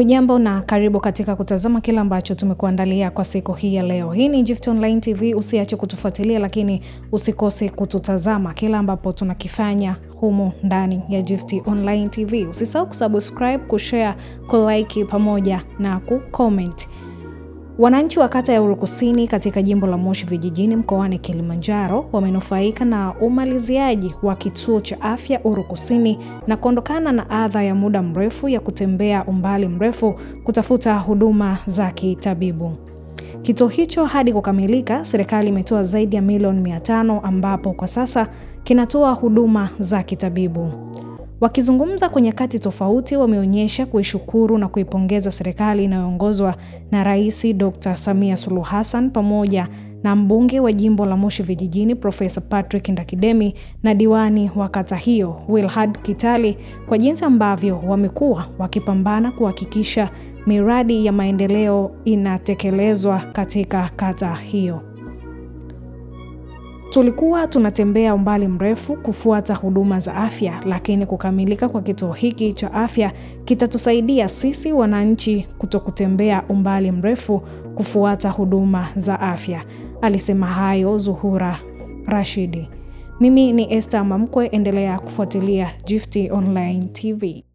Hujambo na karibu katika kutazama kile ambacho tumekuandalia kwa siku hii ya leo. Hii ni Gift Online TV, usiache kutufuatilia, lakini usikose kututazama kila ambapo tunakifanya humu ndani ya Gift Online TV. Usisahau kusubscribe, kushare, kulike pamoja na kucomment. Wananchi wa kata ya Uru Kusini katika jimbo la Moshi Vijijini mkoani Kilimanjaro wamenufaika na umaliziaji wa kituo cha afya Uru Kusini na kuondokana na adha ya muda mrefu ya kutembea umbali mrefu kutafuta huduma za kitabibu. Kituo hicho hadi kukamilika, serikali imetoa zaidi ya milioni mia ambapo kwa sasa kinatoa huduma za kitabibu. Wakizungumza kwa nyakati tofauti, wameonyesha kuishukuru na kuipongeza serikali inayoongozwa na Rais Dr. Samia Suluhu Hassan pamoja na mbunge wa jimbo la Moshi Vijijini Profesa Patrick Ndakidemi na diwani wa kata hiyo wilhad Kitali kwa jinsi ambavyo wamekuwa wakipambana kuhakikisha miradi ya maendeleo inatekelezwa katika kata hiyo. Tulikuwa tunatembea umbali mrefu kufuata huduma za afya, lakini kukamilika kwa kituo hiki cha afya kitatusaidia sisi wananchi kutokutembea umbali mrefu kufuata huduma za afya. Alisema hayo Zuhura Rashidi. Mimi ni Esther Mamkwe, endelea kufuatilia Gift Online TV.